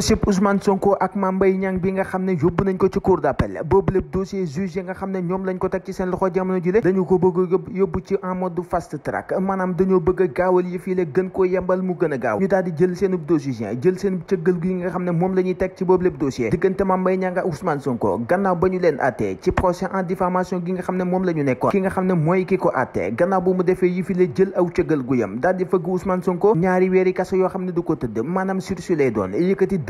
dossier Ousmane Sonko ak Mame Mbaye bi nga xam ne yóbbu nañ ko ci cour d'appel boobu lépp dossier juge yi nga xam ne ñoom lañ ko teg ci seen loxo jamono ji le dañu ko bëgg a yóbbu ci en mode fast track maanaam dañoo bëgg a gaawal yëf yi la gën ko yembal mu gën a gaaw ñu daal di jël seen dossier jël seen cëggal gi nga xam ne moom la ñuy teg ci boobu lépp dossier diggante Mame Mbaye Niang ak Ousmane Sonko gannaaw ba ñu leen attee ci procès en diffamation nga xam ne moom la ñu nekkoon ki nga xam ne mooy ki ko attee gannaaw bu mu defee yëf yi la jël aw ñaari weeri kaso yoo xam ne du ko tëdd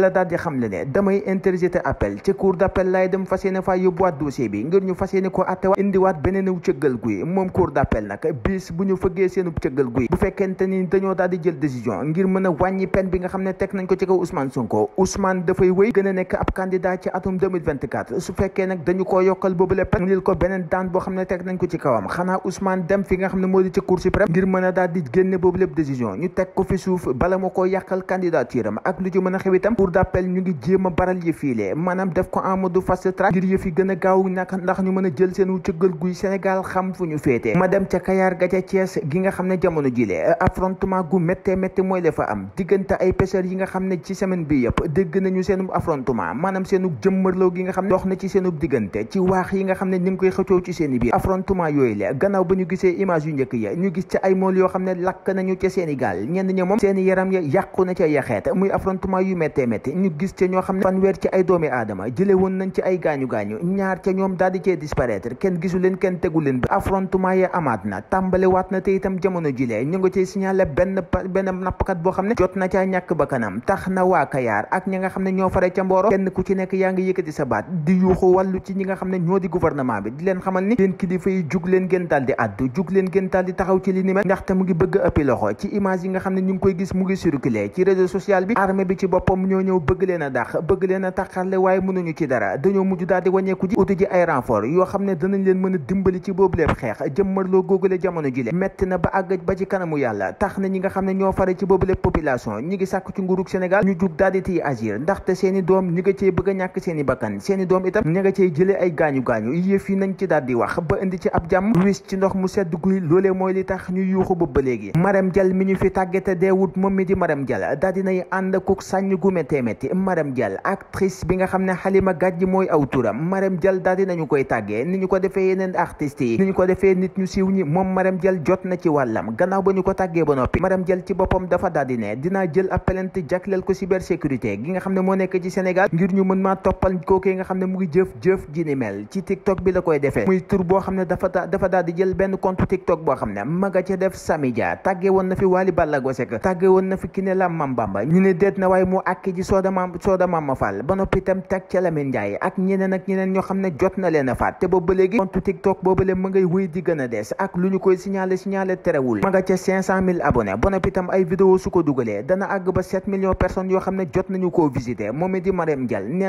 la dal di xamle ne damay interjeter appel ci cour d'appel lay dem fassiyene fa faa wat dossier bi ngir ñu fassiyene fas yéene ko attewaat indiwaat beneenew cëggal guuy mom cour d'appel nak bis bu ñu fëggee seenub cëggal guuy bu fekente ni dañoo dal di jël décision ngir mëna wañi pen bi nga xamne tek nañ ko ci ko Ousmane Sonko Ousmane da fay wéy gëna nek ab candidat ci atum 2024 su fekke nak dañu koo yokkal boobule pen lil ko benen daan bo xamne tek nañ ko ci kawam xana Ousmane dem fi nga xamne modi ci cour suprême ngir mëna dal di génne boobu lépp décision ñu tek ko fi suuf bala ma koo yàqal candidature am ak lu ci mëna xewitam xew cour a baral yëf yi lee maanaam def ko en mode fast track ngir yëf a gaaw nag ndax ñu mën a jël seen wu cëggal guy Sénégal xam fu ñu féete ma dem ca Kayaar diggante ay pêcheurs yi nga xam ne ci semaine bi yëpp dégg nañu seen affrontement maanaam seenu jëmmërloo gi nga xam ne dox na ci seenu diggante ci waax yi nga xam ne ñu ngi koy xëccoo ci seen biir affrontement yooyu la gannaaw ba ñu gisee image yu njëkk ya ñu gis ca ay mool yoo xam ne lakk nañu ca Sénégal ñenn ña moom seen yaram ya yàqu ca yaxeet muy affrontement yu métte métti ñu gis ca ñoo xam ne fanweer ci ay doomi aadama jële woon nañ ci ay gaañu-gaañu ñaar ca ñoom daal di cee kenn gisu leen kenn tegu leen bi affrontement ya amaat na tàmbale waat na te itam jamono jilee ñu nga cey benn benn boo xam ne jot na caa ñàkk ba kanam tax na waa Kayaar ak ñi nga xam ne ñoo fare ca Mboro kenn ku ci nekk yaa ngi yëkkati sa baat di yuuxu wàllu ci ñi nga xam ne ñoo di gouvernement bi di leen xamal ni leen kilifa yi jug leen gën daal di addu jug leen gën daal di taxaw ci li ni mel ndaxte mu ne ñu ngi koy gis mu ngi dañoo ñëw bëgg leen a dàq bëgg leen a tàqale waaye mënuñu ci dara dañoo mujj daal di wàññeeku ji uti ji ay renfort yoo xam ne danañ leen mën a dimbali ci boobu lépp xeex jëmmarloo googule jamono ji le metti na ba àgg ba ci kanamu yàlla tax na ñi nga xam ne ñoo fare ci boobu lépp population ñi ngi sàkk ci nguurug Sénégal ñu jug daal di tiy agir ndaxte seeni doom ñi nga cee bëgg a ñàkk seeni bakkan seeni doom itam ña nga cey jëlee ay gaañu gaañu yëf yi nañ ci daal di wax ba indi ci ab jàmm wis ci ndox mu sedd guy loolee mooy li tax ñu yuuxu ba ba léegi Marème Dial mi ñu fi tàggate deewut moom mi di Marème Dial daal dinay ànd ak sànni gumet méttee métti Maram Dial actrice bi nga xam ne Halima Gadji mooy aw turam Maram Dial daal di nañu koy tàggee ni ñu ko defee yi ni ñu ko defee nit ñu siiw ñi moom Maram Dial jot na ci wàllam gannaaw ba ñu ko tàggee ba noppi Maram Dial ci boppam dafa daal di ne dinaa jël ab plainte jagleel ko cybersécurité gi nga xam ne moo nekk ci Sénégal ngir ñu mën maa toppal kookee nga xam ne mu ngi jëf jëf ji ni mel ci TikTok bi la koy defee muy tur boo xam ne dafa dafa daal di jël benn compte TikTok boo xam ne ma nga ca def Samidia tàggee woon na fi Wally Ballago Seck tàggee woon na fi Kiné Lam Mambamba ñu ne déet na waaye ji Soda Mama Soda Mama itam teg ca Lamine ak ñeneen ak ñeneen xam ne jot na leen a faat te boobu ba léegi TikTok boobale ma ngay wéy di gën des ak lu ñu koy signalé signalé terewul ma nga cent mille abonnés ba itam ay vidéo ko dugalee dana àgg ba sept millions personnes yoo xam ne jot nañu koo visité moom it di Marème Dial nee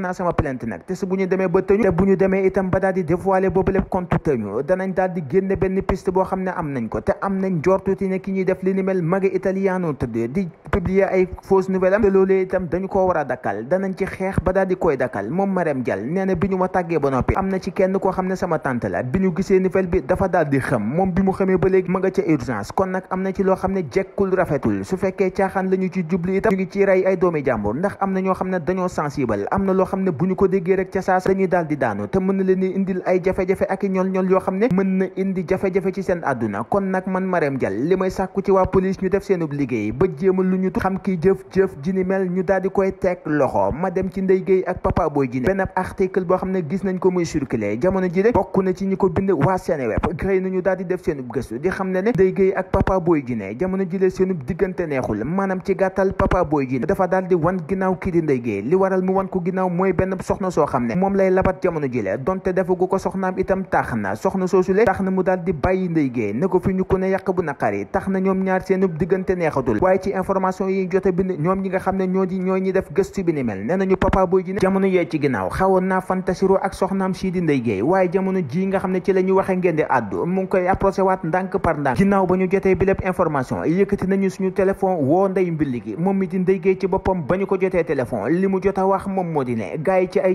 na sama plainte nag te su bu demee ba tëñu te demee itam ba daal di dévoilé boobu lépp compte tëñu danañ loolee itam dañu koo war a dakkal danañ ci xeex ba daal koy dakkal moom Marème Dial nee na bi ñu ma tàggee ba noppi am na ci kenn koo xam ne sama tante la bi ñu gisee nouvelle bi dafa daal di moom bi mu xamee ba léegi ma nga ca urgence kon nag am na ci loo xam ne jekkul rafetul su fekkee caaxaan la ci jubli itam ñu ngi ci rey ay doomi jàmbur ndax am na ñoo xam ne dañoo sensible am na loo xam ne bu ñu ko déggee rek ca saas dañuy daal di daanu te mën i ñool ñool yoo xam ne na indi jafe-jafe ci seen àdduna ñu daal di koy teg loxo ma dem ci Ndeye Gueye ak Papa Boy Djiné benn ab article boo xam ne gis nañ ko muy circulé jamono ji rek bokk na ko bind waa Seneweb daal di def seenub gëstu di xam ne ne Ndeye Gueye ak Papa Boy Djiné jamono ji lee seenub maanaam ci gàttal Papa Boy Djiné dafa daal di wan ginnaaw kii di Ndeye Gueye li waral mu wan ko ginnaaw mooy benn soxna soo xam ne moom lay labat jamono ji lee donte defagu ko soxnaam itam tax na soxna soosu le tax na mu daal di bàyyi Ndeye Gueye ne ko fi ñu ko ne yàq bu yi tax na ñoom ñaar seenub diggante neexatul waaye ci information yi jote ñoo di ñoo ñi def gëstu bi ne ci la ñu waxe ngeen di àddu mu ngi koy approché waat ndànk par ndànk ginnaaw ba ñu jotee bi lépp information yëkkati nañu suñu téléphone woo Ndeye Mbili gi moom mi di Ndeye li mu jot wax moom moo di ne gars yi la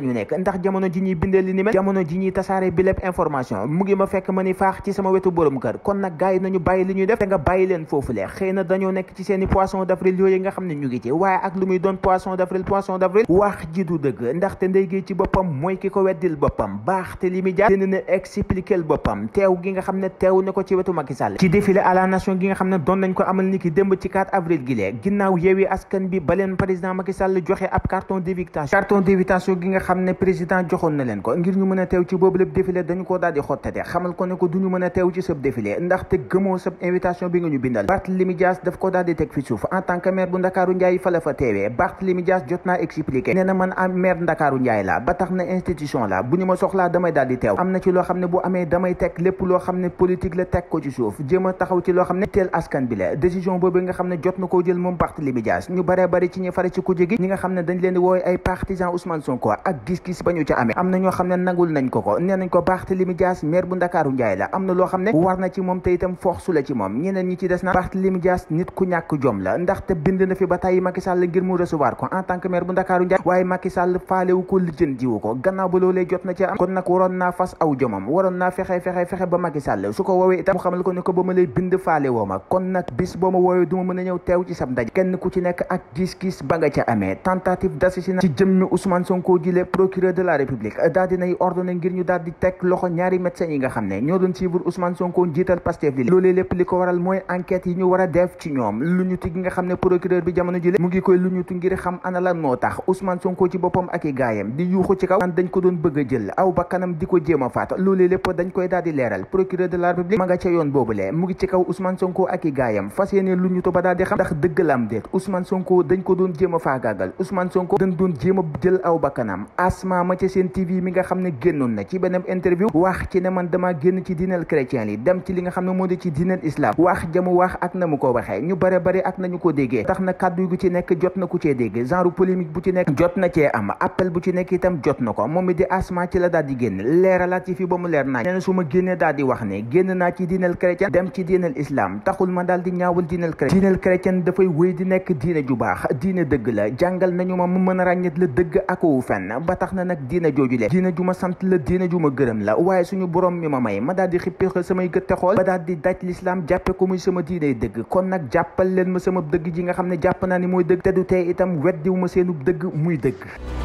ñu nekk ndax jamono ji ñuy bindee li ni mel jamono ji ñuy tasaare bi lépp information mu ngi ma fekk ma ni faax ci sama wetu borom kër kon nag gars nañu bàyyi li ñuy def te bàyyi leen foofu le xëy na dañoo nekk ci seeni poisson d'avril yooyu nga xam ne ñu ngi ci waaye ak lu muy doon poisson d'avril poisson d'avril wax ji du dëgg ndaxte Ndeye Gueye ci boppam mooy ki ko weddil boppam Barthélémy Dias dina na expliquer boppam teew gi nga xam ne teew na ko ci wetu Macky Sall ci défilé à la nation gi nga xam ne doon nañ ko amal niki démb ci 4 avril gi lee ginnaaw yeewi askan bi ba leen président Macky Sall joxe ab carton d'invitation carton d'invitation gi nga xam ne président joxoon na leen ko ngir ñu mën a teew ci boobu lépp défilé dañu ko daal di xottate xamal ko ne ko duñu mën a teew ci sab défilé ndaxte gëmoo sab invitation bi nga ñu bindal Barthélémy Dias daf ko daal di teg fi suuf en tant que maire bu Ndakaaru Ndiaye fa la fa teewee Barthélemy Dias jotna expliquer néna man am maire Dakarou Ndiaye la ba tax na institution la bu ñu ma damay daal di teew ci lo xamné bu amé damay tek lépp lo xamné politique la tek ko ci souf jéem taxaw ci lo xamné tel askan bi la décision boobu nga xamné jotna ko na koo jël moom Barthélemy Dias ñu bare bari ci ñi fare ci ku gi ñi nga xamné dañ leen di woy ay partisan Ousmane Sonko ak gis-gis bañu ci amé amna ño xamné nangul nañ ko ko nee nañ ko Barthélemy Dias maire bu Dakarou Ndiaye la amna lo xamné warna ci mom te itam force la ci mom ñeneen ñi ci dess na Barthélemy Dias nit ku ñak jom la te bind na fi ba tàyyi Macky Sall a kenn ku ci nekk ak gis-gis ba nga ca amee tentative d'assassinat ci jëmmi Ousmane Sonko Sonko njiital Pastef li loolee li ko waral mooy enquête yi ñu war a def ci ñoom lu ñu ti nga xam ne procureur bi jamono jile ngi koy luñutu ngir xam ana lan moo tax Ousmane Sonko ci boppam ak i gaayam di yuuxu ci kaw naan a jël aw bakkanam lépp dañ koy daal leeral procureur de la République ma nga ca yoon boobule mu ngi ci kaw Ousmane Sonko ak i gaayam fas yéene luñutu ba daal di xam ndax dëgg la am déet Sonko dañ ko doon jéem a faagaagal Ousmane Sonko dañ doon jéem a jël aw bakkanam asma ma ca seen TV mi nga xam ne génnoon na ci beneen interview wax ci ne man dama génn ci diinal chrétien nekk jot na ku cee dégg genre polémique bu ci nekk jot na ko moom mi asma ci la daal génn leeralaat yi ba mu leer naa ma génnee daal di wax ci diinal chrétien dem ci diinal islam taxul ma daal ñaawal diinal chrétien dafay wéy di nekk diine ju baax diine dëgg la jàngal nañu ma mën a ràññet la dëgg akowu fenn ba tax na nag diine jooju le diine ju ma sant la diine ju ma gërëm la waaye suñu borom mi ma may ma daal di xippi samay gët te xool ba daal di daj l'islam jàppe ko muy sama diiney dëgg dëgg te du tey itam weddiwu ma seenub dëgg muy dëgg